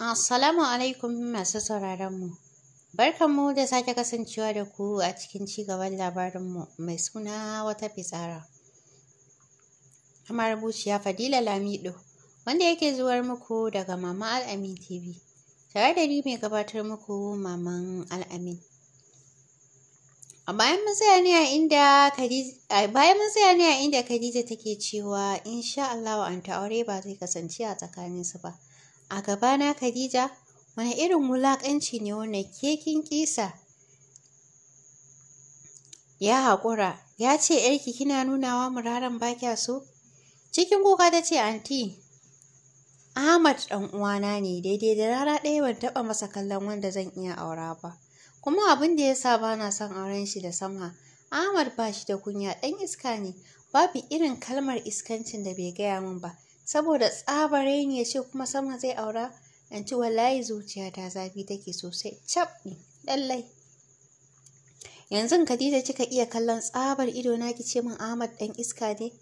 Assalamu alaikum masu sauraronmu. Barkanmu da sake kasancewa da ku a cikin cigaban labarinmu mai suna wata fitsara. Kamar buciya Fadila Lamido, wanda yake zuwar muku daga Mama Al'amin TV, tare da ni mai gabatar muku Maman Al'amin. amin bayan mun tsaya ne a inda Khadija take cewa, Insha Allah wa aure ba zai kasance a tsakaninsu ba. A gabana Khadija, wani irin wulaƙanci ne wannan kekin kisa? Ya haƙura, ya ce ‘yarki kina nunawa muraran ba kya so? Cikin kuka ta ce anti, Ahmad ɗan uwana ne daidai da rana ɗaya ban taɓa masa kallon wanda zan iya aura ba. Kuma abin da ya sa ba na son auren shi da sama, Ahmad ba shi da kunya ɗan iska ne, babu irin kalmar iskancin da bai gaya min ba. saboda tsabare ne ya ce kuma sama zai aura in ci wallahi zuciya ta zafi take sosai cabɗi lallai yanzu Khadija kika iya kallon tsabar ido na ki ce min Ahmad dan iska ne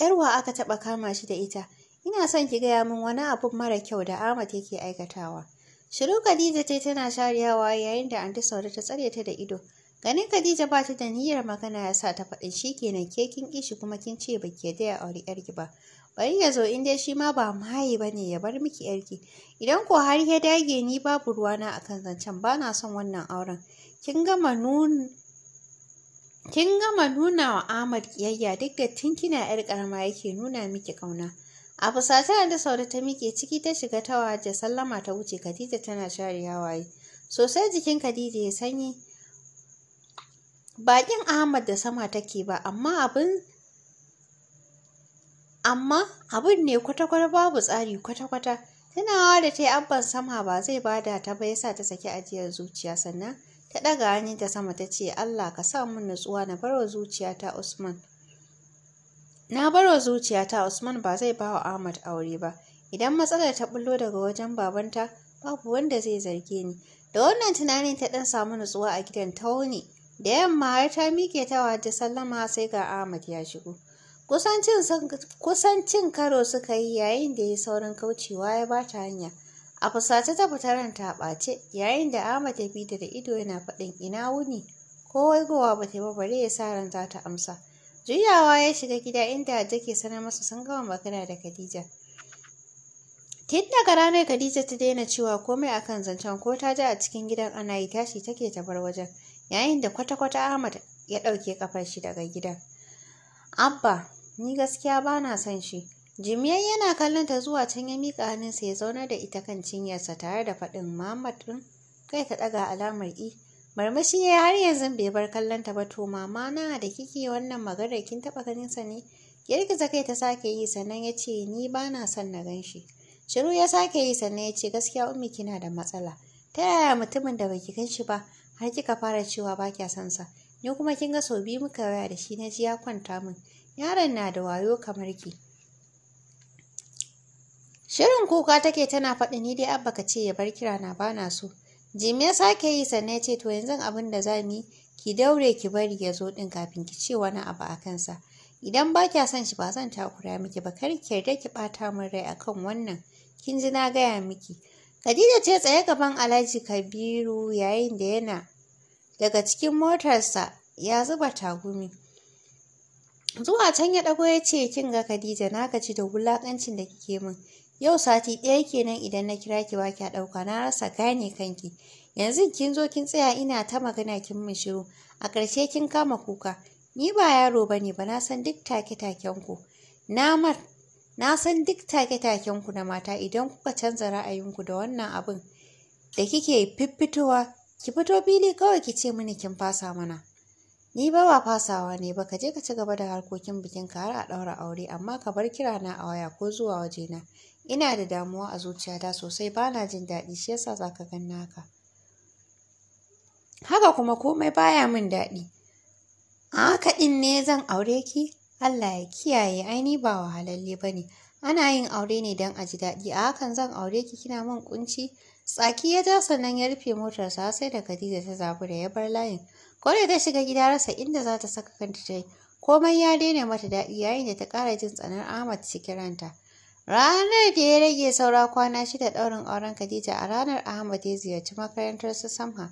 yarwa aka taba kama shi da ita ina son ki gaya min wani abu mara kyau da Ahmad yake aikatawa shiru Khadija ta tana shariyawa yayin da anti Saude ta tsare ta da ido ganin Khadija ba ta da niyyar magana ya sa ta faɗin shikenan ke kin kishi kuma kin ce baki da ya aure yarki ba bari ya zo in dai shi ma ba maye ba ne ya bar miki yarki idan ko har ya dage ni babu ruwana a kan zancen ba na son wannan auren kin gama nuna wa Ahmad kiyayya duk da tun kina yar karama yake nuna miki kauna a fusata da sauda ta miƙe, ciki ta shiga ta waje sallama ta wuce Khadija tana share hawaye sosai jikin Khadija ya sanyi bakin Ahmad da sama take ba amma abin amma abin ne kwata-kwata babu tsari kwata-kwata tunawa da ta yi abban sama ba zai bada ta bai sa ta saki ajiyar zuciya sannan ta ɗaga ta sama ta ce Allah ka sa mun nutsuwa na barwa zuciyata Usman na barwa zuciyata Usman ba zai bawa Ahmad aure ba idan matsalar ta bullo daga wajen babanta babu wanda zai zarge ni da wannan tunanin ta ɗan samu nutsuwa a gidan Tony da yamma har ta miƙe ta wajen sallama sai ga Ahmad ya shigo Kusancin karo suka yi yayin da ya saurin kaucewa ya ba ta hanya. A fusace ta fita ranta bace ɓace yayin da Ahmad ya bi da ido yana faɗin ina wuni ko waigowa ba ta bare ya sa ran za ta amsa. Juyawa ya shiga gida inda ta ke sanar masa sun gama magana da Khadija. Tun daga ranar Khadija ta daina cewa komai a kan zancen ko ta ji a cikin gidan ana yi tashi take ta bar wajen yayin da kwata-kwata Ahmad ya ɗauke kafar shi daga gidan. Abba Ni gaskiya ba na son shi. Jimiyar yana kallon ta zuwa can ya miƙa hannunsa ya zaunar da ita kan cinyarsa tare da faɗin Muhammad ɗin kai ka ɗaga alamar i e. Marmashi ya har yanzu bai bar kallon ta ba to mama na da kike wannan maganar kin taɓa ganin sa ne? rikiza kai ta sake yi sannan ya ce ni ba na son na gan shi. Shiru ya sake yi sannan ya ce gaskiya ummi kina da matsala. Ta yaya mutumin da baki gan shi ba har kika fara cewa ba kya son sa. Ni kuma kin ga sau biyu muka waya da shi na ji ya kwanta min. yaron na da wayo kamar ki shirin kuka take tana faɗi ni dai abba ka ce ya bar kira na bana so Jimi ya sake yi sannan ya ce to yanzu abin da za mu yi ki daure ki bari ya zo ɗin kafin ki ce wani abu a kansa idan ba kya son shi ba zan takura miki ba kar ki yarda ki ɓata min rai akan wannan kin ji na gaya miki Khadija ce tsaye gaban Alhaji Kabiru yayin da yana daga cikin motarsa ya zuba tagumi. zuwa can ya ɗago ya ce kin ga Khadija na gaji da wulakancin da kike min yau sati ɗaya kenan idan na kira ki baki ɗauka na rasa gane kanki yanzu kin zo kin tsaya ina ta magana kin min shiru a ƙarshe kin kama kuka ni ba yaro bane ba na san duk take-taken ku na mar na san duk take-taken ku na mata idan kuka canza ra'ayin ku da wannan abin da kike fiffitowa ki fito fili kawai ki ce mini kin fasa mana Ni ba ba fasawa ne ba, ka je ka ci gaba da harkokin bikin ka har a ɗaura aure, amma ka bar kira na a waya ko zuwa wajena. Ina da damuwa a zuciyata sosai, ba na jin daɗi, shi yasa za ka gan haka. Haka kuma komai baya min daɗi. A haka ɗin ne zan aure ki? Allah ya kiyaye, ai ba wahalalle ba ne. Ana yin aure ne don a ji daɗi, a hakan zan aure ki kina min ƙunci? Tsaki ya ja sannan ya rufe motarsa sai da Khadija ta zabu da ya bar layin. da ta shiga gida rasa inda za ta saka kanta ta yi. Komai ya daina mata daɗi yayin da ta ƙara jin tsanar Ahmad cikin ranta. Ranar da ya rage saura kwana shida ɗaurin auren Khadija a ranar Ahmad ya ziyarci makarantar su Samha.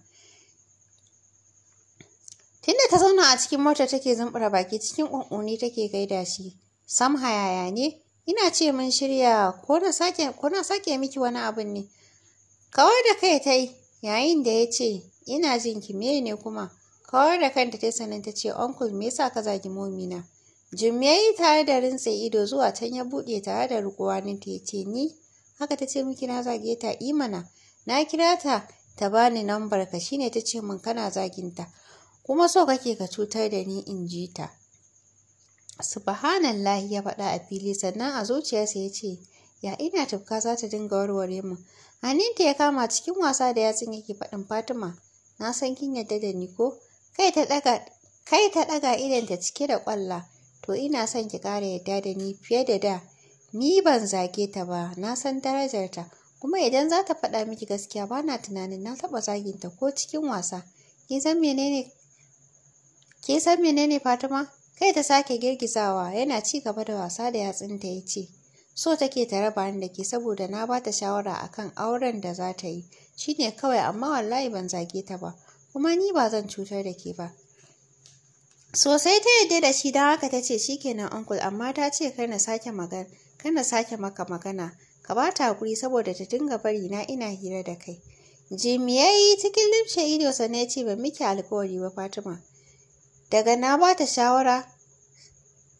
Tunda ta zauna a cikin motar take zumbura baki cikin ƙunƙuni take gaida shi. Samha yaya ne? Ina ce mun shirya ko na sake miki wani abin ne. Kawar da kai ta yi yayin da ya ce, Ina jin ki ne kuma. Kawar da kanta ta sanin ta ce, Uncle me yasa ka zagi momina? Jim tare da rintse ido zuwa can ya buɗe tare da rukuwa na ta ce, Ni? Haka ta ce miki na zage ta imana. Na kira ta ta bani nambar ka shine ta ce min kana zaginta. Kuma so kake ka cutar da ni in ji ta. Subhanallah ya faɗa a fili sannan a zuciyarsa ya ce, Ya ina tufka za ta dinga warware mu. Aninta ya kama cikin wasa da yatsun yake faɗin Fatima, na san kin yarda da ni ko? Kai ta ɗaga idanta cike da ƙwalla, to ina son ki ƙara yarda da ni fiye da da. Ni ban zage ta ba, na san darajarta, kuma idan za ta faɗa miki gaskiya ba na tunanin na taɓa zaginta ko cikin wasa. Kin san menene? menene Fatima? Kai ta sake girgizawa yana ci gaba da wasa da yatsun ta ya ce, so take ta raba ni da ke saboda na ba ta shawara akan auren da za ta yi shine kawai amma wallahi ban zage ta ba kuma ni ba zan cutar da ke ba sosai ta yadda da shi don haka ta ce shi nan uncle amma ta ce kar na sake na sake maka magana ka ba ta hakuri saboda ta dinga bari na ina hira da kai Jim ya yi cikin limshe ido sannan ya ce ban miki alkawari ba Fatima. Daga na ba shawara,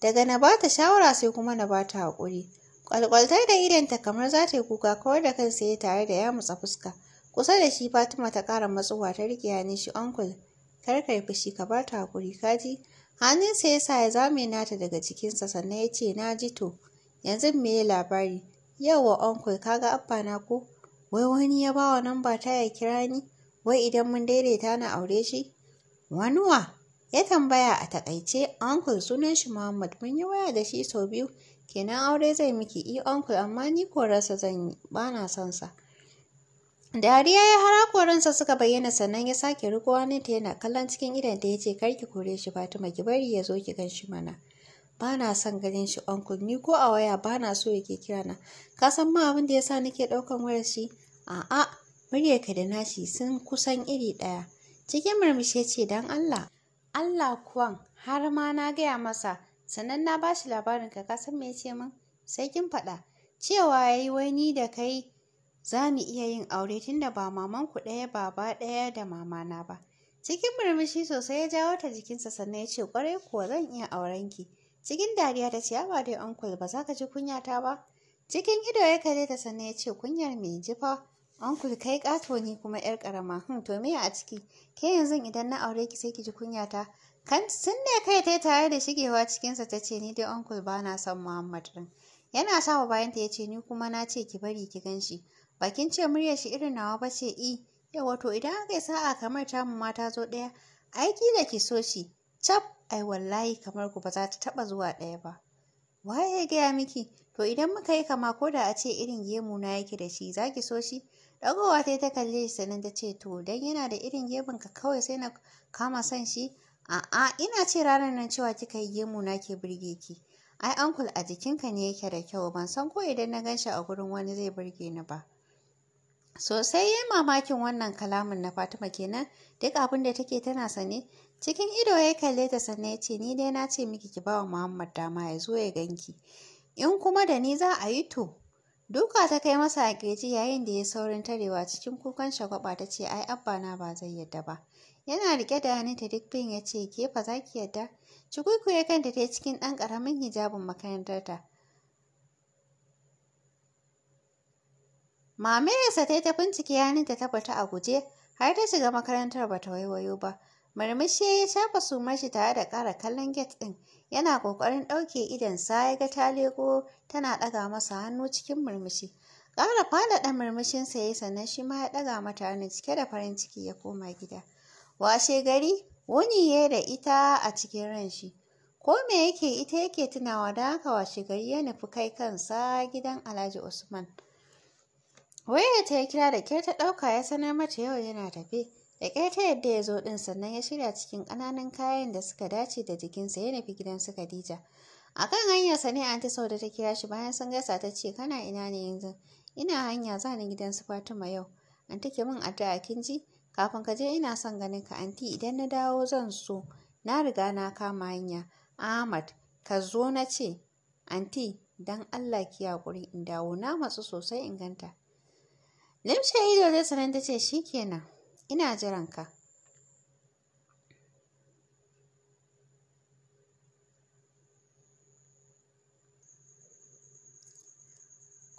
daga na ba ta shawara sai kuma na ba ta haƙuri. Kwalkwaltar da idanta kamar za ta yi kuka kawar da kansa ya tare da ya mutsa fuska. Kusa da shi Fatima ta kara matsuwa ta rike ya shi uncle. Kar ka yi fushi ka bar ta hakuri kaji. Hannunsa ya sa ya zame nata daga cikinsa, sannan ya ce na ji to. Yanzu me ya labari? wa uncle kaga abba na ko? Wai wani ya bawa namba ta ya kira ni? Wai idan mun daidaita na aure shi? Wani wa? Ya tambaya a takaice uncle sunan shi Muhammad mun yi waya da shi sau biyu Kenan aure zai miki i uncle amma ni korarsa zan yi, ba na son sa. Dariya ya hara koransa suka bayyana sannan ya sake riko ta yana kallon cikin da ya ce kar ki kore shi Fatima ki bari ya zo ki gan shi mana. Ba na son ganin shi uncle ni ko a waya ba na so yake kira na. Ka san ma abin da ya sa nake ɗaukan wayar shi? A'a, muryarka da nashi sun kusan iri ɗaya. Cikin murmushi ce dan Allah. Allah kuwan har ma na gaya masa sannan na ba shi labarin ka kasan me ce min sai kin faɗa cewa yayi yi wani da kai za mu iya yin aure tunda ba maman ku ɗaya baba ɗaya da mamana ba cikin murmushi sosai ya jawo ta jikinsa sannan ya ce kwarai kuwa zan iya auren ki cikin dariya ta ce ba dai uncle ba za ka ji kunyata ba cikin ido ya kare ta sannan ya ce kunyar me ji fa Uncle kai ƙato ne kuma ‘yar ƙarama, hmm, to me a ciki, ke yanzu idan na aure ki sai ki ji kunyata, kan ne kai ta tare da shigewa cikinsa ta ce ni dai uncle ba na son muhammad din yana shafa bayanta ya ce ni kuma na ce ki bari ki gan shi bakin ce muryar shi irin nawa ba ce i eh. yawa wato idan aka yi sa'a kamar ta mu mata zo ɗaya aiki da ki so shi cap ai wallahi kamar ku ba za ta taɓa zuwa ɗaya ba waye ya gaya miki to idan muka yi kama ko da a ce irin gemu na yake da shi za ki so shi ɗagowa ta ta kalle shi sannan ta ce to dan yana da irin gemun ka kawai sai na kama son shi A'a, ina ce ranar nan cewa kika yi gemu na ke burge ki. Ai uncle a jikinka ne yake da kyau, ban san ko idan na gan shi a gurin wani zai burge ni ba. Sosai yayi mamakin wannan kalamin na Fatima kenan, duk abin da take tana sane. Cikin ido ya kalle ta sannan ya ce, Ni dai na ce miki ki bawa Muhammad dama ya zo ya ganki. In kuma da ni za a yi to, Duka ta kai masa a yayin da ya saurin tarewa cikin kukan shagwaba ta ce ai abba na ba zai yadda ba. Yana rike da hannunta duk bin ya ce ke ba za ki yadda. Cikuku ya kanta ta cikin ɗan ƙaramin hijabin makarantarta. Mamayarsa ta yi ta bincike hannunta ta tabbata a guje har ta shiga makarantar ba bata waiwayo ba. Murmushi ya shafa sumashi shi tare da ƙara kallon gate ɗin. Yana ƙoƙarin ɗauke sa ya ga ta leko tana ɗaga masa hannu cikin murmushi. Ƙara faɗaɗa murmushinsa ya yi sannan shi ma ya ɗaga mata hannu cike da farin ciki ya koma gida. Washe gari, wuni ya da ita a cikin ran shi. Ko me yake ita yake tunawa da haka washe gari ya nufi kai kansa gidan Alhaji Usman. Wayar ta ya kira da ke ta ɗauka ya sanar mata yau yana tafe. Da ta yadda ya zo ɗin sannan ya shirya cikin ƙananan kayan da suka dace da jikinsa ya nufi gidansu Khadija. A kan hanyarsa ne Anti Sauda ta kira shi bayan sun gaisa ta ce kana ina ne yanzu? Ina hanya za ni gidan su Fatima yau. Anti ke min addu'a kin ji? Kafin ka je ina son ganin ka anti idan na dawo zan so. Na riga na kama hanya. Ahmad ka zo na ce anti dan Allah ki haƙuri in dawo na matsu sosai in ganta. Limshe ido da sanan ta ce shikenan. Ina jiran ka.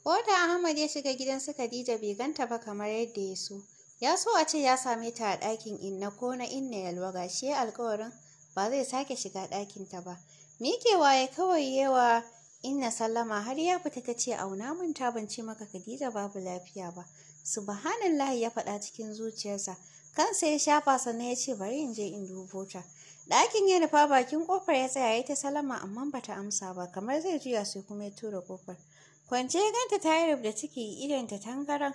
Ko da Ahmad ya shiga gidan su Khadija bai ganta ba kamar yadda ya so. Ya so a ce ya same ta a ɗakin inna ko na inna yalwa ga shi alkawarin ba zai sake shiga ɗakinta ba. Mekewa ya kawai yawa inna sallama har ya fita ta ce auna mun ta ban ce maka Khadija babu lafiya ba. subhanallahi ya faɗa cikin zuciyarsa kansa ya shafa sannan ya ce bari in je in dubo ta ɗakin ya nufa bakin kofar ya tsaya ya ta salama amma bata amsa ba kamar zai juya sai kuma ya tura kofar kwance ya ganta ta yi da ciki idan ta tangaran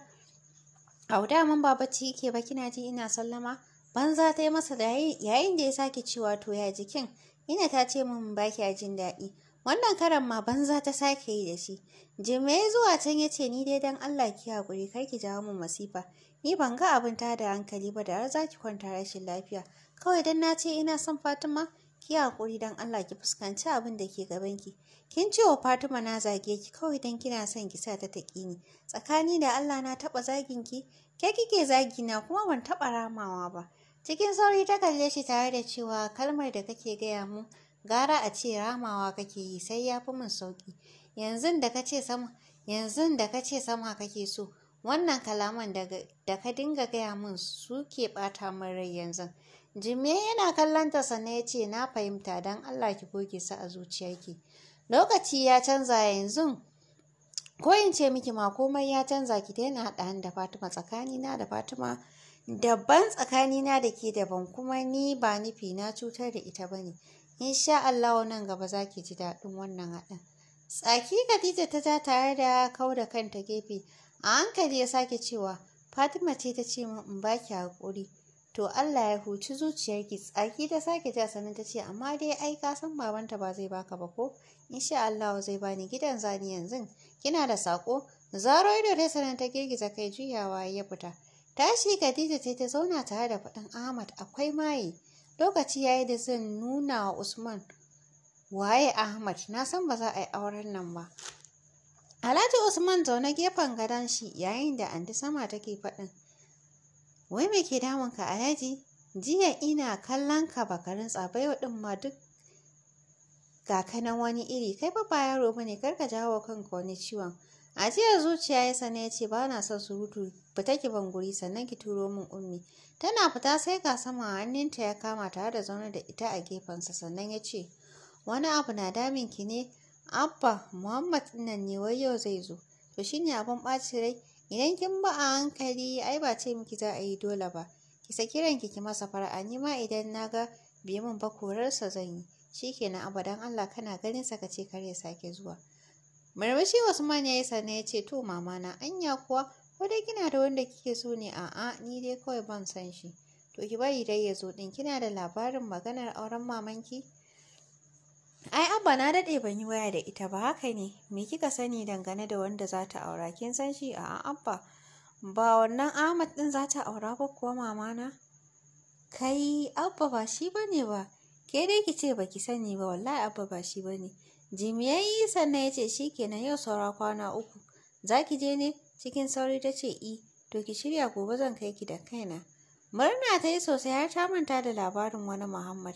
auda daman ba ci yake ba kina ji ina sallama banza ta yi masa da yayin da ya sake cewa to ya jikin ina ta ce min baki a jin daɗi Wannan karan ma banza ta sake yi da shi. ya zuwa can ya ce ni dai don Allah ki haƙuri kar ki jawo min masifa. Ni ban ga abin ta da hankali ba da har za ki kwanta rashin lafiya. Kawai dan na ce ina son Fatima ki haƙuri don Allah ki fuskanci abin da ke gaban ki. Kin ce wa Fatima na zage ki kawai don kina son ki sa ta taƙi ni. Tsakani da Allah na taɓa zagin ki, ke kike zagi na kuma ban taɓa ramawa ba. Cikin sauri ta kalle shi tare da cewa kalmar da kake gaya mu gara a ce ramawa kake yi sai ya fi min sauƙi yanzu da ka ce sama yanzu da ka ce sama kake so wannan kalaman da ka dinga gaya min su ke ɓata min rai yanzu jimiya yana ta sannan ya ce na fahimta don allah ki goge su a zuciyarki lokaci ya canza yanzu ko in ce miki ma komai ya canza ki yana haɗa da fatima tsakanina da fatima daban tsakanina da ke daban kuma ni ba nufi na cutar da ita ba ne insha Allah nan gaba zaki ji daɗin wannan haɗin tsaki Khadija ta ja tare da kau da kanta gefe a hankali ya sake cewa Fatima ce ta ce min in baki hakuri to Allah ya huci zuciyarki tsaki ta sake ja sannan ta ce amma dai ai ka san babanta ba zai baka ba ko insha Allah zai bani gidan zani yanzu kina da sako zaro ido ta sanin ta girgiza kai juyawa ya fita tashi Khadija ce ta zauna tare da faɗin Ahmad akwai maye lokaci ya yi da zan nuna wa usman waye ahmad na san ba za a yi auren nan ba alhaji usman zaune gefen gadon shi yayin da andi sama take faɗin wai me ke damun damunka alhaji jiya ina kallon ka bakarin tsabayo ɗin ma duk ga kanan wani iri kai ba yaro bane kar ka jawo kanka wani ciwon a Ajiyar zuciya ya sane ya ce ba na son surutu fita ki ban guri sannan ki turo min ummi. Tana fita sai ga sama hannunta ya kama tare da zaune da ita a gefensa sannan ya ce wani abu na damin ki ne abba muhammad nan ne wai yau zai zo to shine abin ɓaci rai idan kin ba a hankali ai ba ce miki za a yi dole ba ki saki ranki ki masa fara'a ni ma idan na ga bai min ba korarsa zan yi shikenan abadan Allah kana ganin sa ce kar ya sake zuwa marmashi Usman ya yi ya ce to mamana anya kuwa ko dai kina da wanda kike so ne a'a ni dai kawai ban san shi. To ki bari dai ya zo din kina da labarin maganar auren mamanki? Ai abba na daɗe ban yi waya da ita ba haka ne me kika sani dangane da wanda za ta aura kin san shi a abba ba wannan Ahmad din za ta aura ba kuwa mamana? Kai abba ba shi bane ba ke dai ki ce baki sani ba wallahi abba ba shi bane. Jimi ya yi sannan ya ce shi kenan yau saura kwana uku. Za ki je ne? Cikin sauri ta ce i, e, to ki shirya gobe zan kai ki da kaina. Murna ta yi sosai har ta manta da labarin wani Muhammad.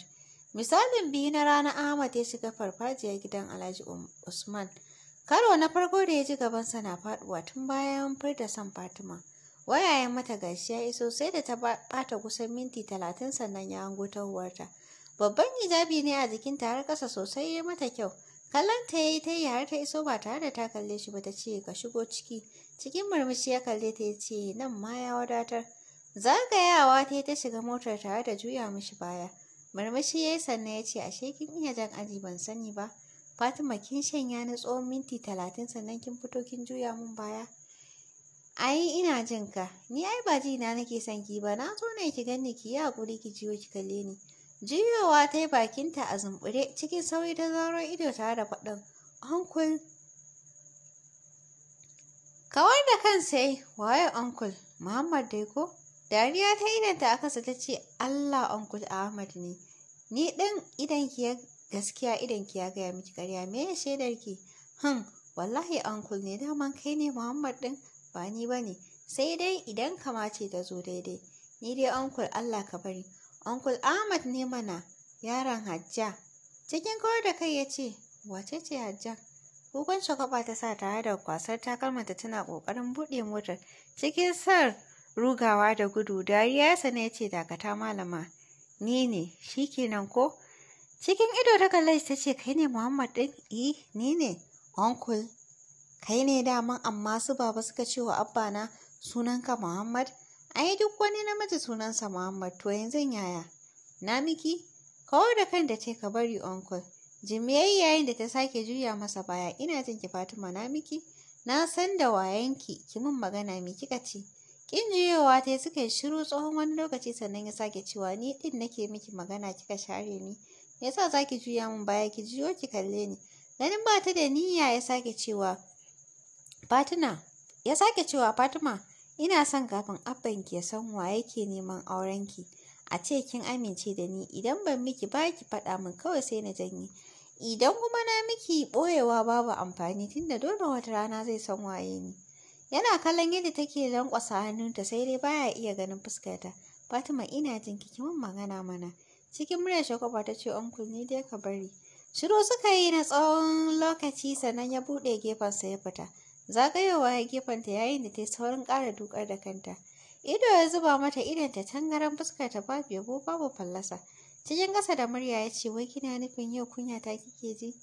Misalin biyu na ranar Ahmad ya shiga farfajiyar gidan Alhaji um, Usman. Karo na farko da ya ji gabansa na faduwa tun bayan furta son Fatima. Wayayen mata gashi ya iso sai da ta bata kusan minti talatin sannan ya hango ta huwarta. Babban hijabi ne a jikinta har ƙasa sosai ya mata kyau. kallon ta yi ta yi har ta iso ba tare da ta kalle shi ba ta ce ka shigo ciki cikin murmushi ya kalle ta ya ce nan ma ya wadatar zagayawa ta yi ta shiga motar tare da juya mishi baya murmushi ya yi sannan ya ce ashe kin iya jan aji ban sani ba fatima kin shanya na tsawon minti talatin sannan kin fito kin juya mun baya ai ina jin ka ni ai ba ji na nake son ki ba na zo ne ki ganni ki yi hakuri ki jiyo ki kalle ni Jiyowa ta yi bakinta a zumbure cikin sauri ta zaro ido tare da faɗin Uncle. Kawar da kan sai waye Uncle Muhammad dai ko? Dariya ta idanta a kasa ta ce Allah Uncle Ahmad ne. Ni ɗin idanki ya gaskiya idanki ya gaya miki karya me ya ki? Han! Hmm, wallahi Uncle ne daman kai ne Muhammad ɗin ba ni bane. Sai dai idan kama ce ta zo daidai. Ni dai Uncle Allah ka bari. Uncle Ahmad ne mana, yaron Hajja. Cikin kawar da kai ya ce, wace ce Hajja? Gugun shakwaba ta sa tare da kwasar takalmanta tana ƙoƙarin buɗe motar. Cikin sar rugawa da gudu, dariya ya sana ya ce dakata malama. Ni ne, shi kenan ko? Cikin ido ta kallai ta ce, kai ne Muhammad ɗin? I, eh, ni ne. Uncle, kai ne daman amma su baba suka ce wa abba na sunanka Muhammad? ai duk wani namiji sunansa Muhammad to yanzu yaya na miki kawar da kan da ce ka bari uncle Jimmy yayi yayin da ta sake juya masa baya ina jin ki Fatima na miki na san da wayanki ki min magana mi kika ci. kin juyowa ta suka yi shiru tsohon wani lokaci sannan ya sake cewa ni din nake miki magana kika share ni me yasa zaki juya min baya ki juyo ki kalle ni ganin ba ta da niyya ya sake cewa Fatima Ina son kafin abbanki ya san wa yake neman aurenki. A ce kin amince da ni idan ban miki ba ki faɗa min kawai sai na janye. Idan kuma na miki ɓoyewa babu amfani tunda dole wata rana zai san waye ni. Yana kallon yadda take lankwasa hannunta sai dai baya iya ganin fuskarta. Fatima ina jin ki min magana mana. Cikin muryar shagwaba ta ce uncle ne, dai ka bari. Shiru suka yi na tsawon lokaci sannan ya buɗe gefensa ya fita. zagayowa ya gefenta yayin da ta yi saurin ƙara dukar da kanta ido ya zuba mata ta tangaran fuskar ta babu yabo babu fallasa cikin ƙasa da murya ya ce wai kina nufin yau kunya ta kike ji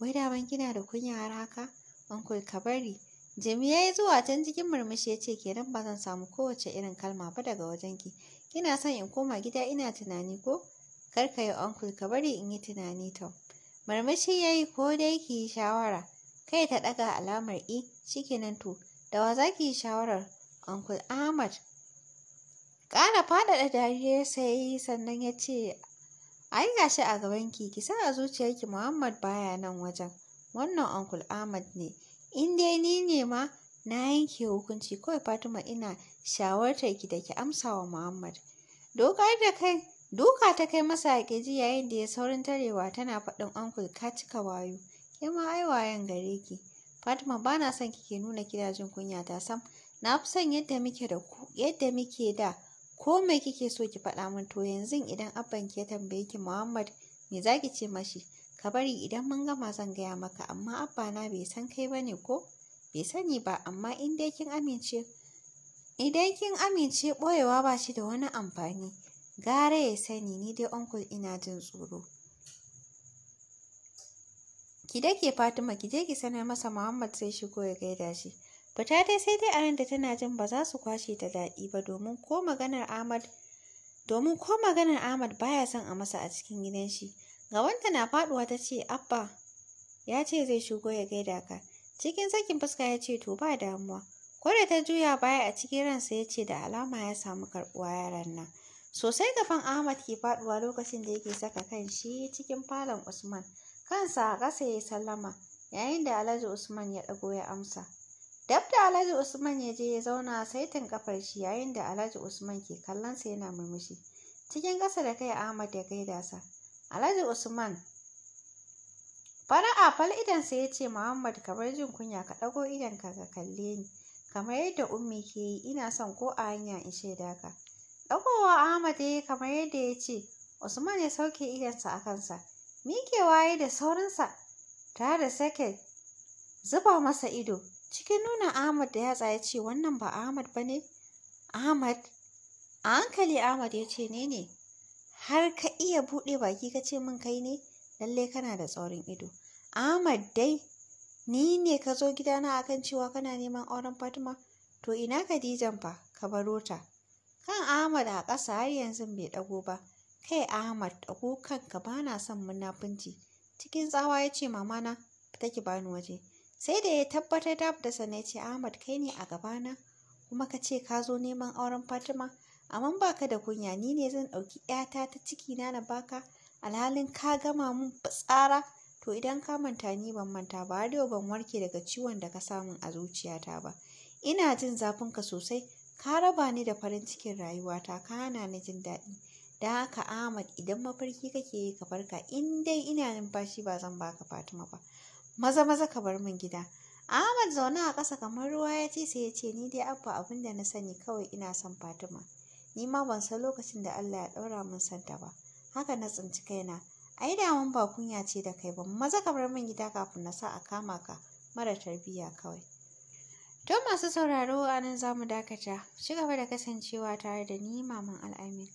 wai daman kina da kunya har haka uncle ka bari jimi ya yi zuwa can cikin murmushi ya ce kenan ba zan samu kowace irin kalma ba daga wajen ki?" kina son in koma gida ina tunani ko kar ka yi uncle ka bari in yi tunani to murmushi ya yi ko dai ki yi shawara kai ta ɗaga alamar i e, shikenan to da wa za ki yi shawarar uncle ahmad ƙara faɗaɗa dariyarsa ya yi sannan ya ce ai gashi a gabanki ki sa a zuciyarki muhammad baya nan wajen wannan uncle ahmad ne in dai ni ne ma na yanke hukunci kawai fatima ina shawartar ki da ki amsa wa muhammad dokar da kai duka ta kai masa haƙeji yayin da ya saurin tarewa tana faɗin uncle ka cika wayo Ke ma ai wayan gare ki. Fatima ba na son kike nuna kina jin kunya ta sam. Na fi son yadda muke da ku, yadda muke da. Ko me kike so ki faɗa min to yanzu idan abban ki ya tambaye ki Muhammad me za ki ce mashi? Ka bari idan mun gama zan gaya maka amma abba na bai san kai bane ko? Bai sani ba amma in dai kin amince Idan kin amince ɓoyewa ba shi da wani amfani, gara ya sani ni dai uncle ina jin tsoro. ki dake fatima ki je ki sanar masa muhammad sai shigo ya gaida shi fita dai sai dai a ranta tana jin ba za su kwashe ta daɗi ba domin ko maganar ahmad domin ko maganar ahmad baya son a masa a cikin gidan shi ga wanda na faduwa ta ce abba ya ce zai shigo ya gaida ka cikin sakin fuska ya ce to ba damuwa ko da ta juya baya a cikin ransa ya ce da alama ya samu karbuwa yaran nan sosai gaban ahmad ke faduwa lokacin da yake saka kan shi cikin falon usman kansa a ƙasa ya sallama yayin da alhaji usman ya ɗago ya amsa dab da alhaji usman ya je ya zauna saitin kafar shi yayin da alhaji usman ke kallonsa yana murmushi cikin ƙasa da kai ahmad ya gaida sa alhaji usman fara'a fal idonsa ya ce muhammad kamar jin kunya ka ɗago idanka ka kalle ni kamar yadda ummi ke yi ina son ko a hanya in shaida ka ɗagowa ahmad ya yi kamar yadda ya ce usman ya sauke idonsa a kansa Mike waye da saurinsa tare da sake zuba masa ido cikin nuna Ahmad da ya tsaya ce wannan ba Ahmad ba ne? Ahmad a hankali Ahmad ya ce ne har ka iya buɗe baki ka ce min kai ne lalle kana da tsaurin ido Ahmad dai ni ne ka zo gidana akan cewa kana neman auren Fatima to ina Khadijan fa ka baro ta kan Ahmad a ƙasa har yanzu bai ɗago ba Kai Ahmad ɗauko kanka ba na son munafunci. Cikin tsawa ya ce mamana fita ki bani waje. Sai da ya tabbatar da da sannan ya ce Ahmad kai ne a gabana kuma ka ce ka zo neman auren Fatima amma baka da kunya ni ne zan ɗauki ‘yata ta ciki na na baka alhalin ka gama mun tsara? to idan ka manta ni ban manta ba har yau ban warke daga ciwon da ka samun a zuciyata ba. Ina jin zafin ka sosai ka raba ni da farin cikin rayuwata ka hana ni jin daɗi. Da haka Ahmad idan mafarki kake yi ka farka in dai ina numfashi ba zan baka Fatima ba. Maza maza ka bar min gida. Ahmad zaune a ƙasa kamar ruwa ya ce sai ya ce ni dai abba abin da na sani kawai ina son Fatima. Ni ma ban san lokacin da Allah ya ɗaura min santa ba. Haka na tsinci kaina. Ai da mun ba kunya ce da kai ba maza ka bar min gida kafin na sa a kama ka mara tarbiyya kawai. To masu sauraro a zamu dakata. Ci gaba da kasancewa tare da ni Maman Al'amin.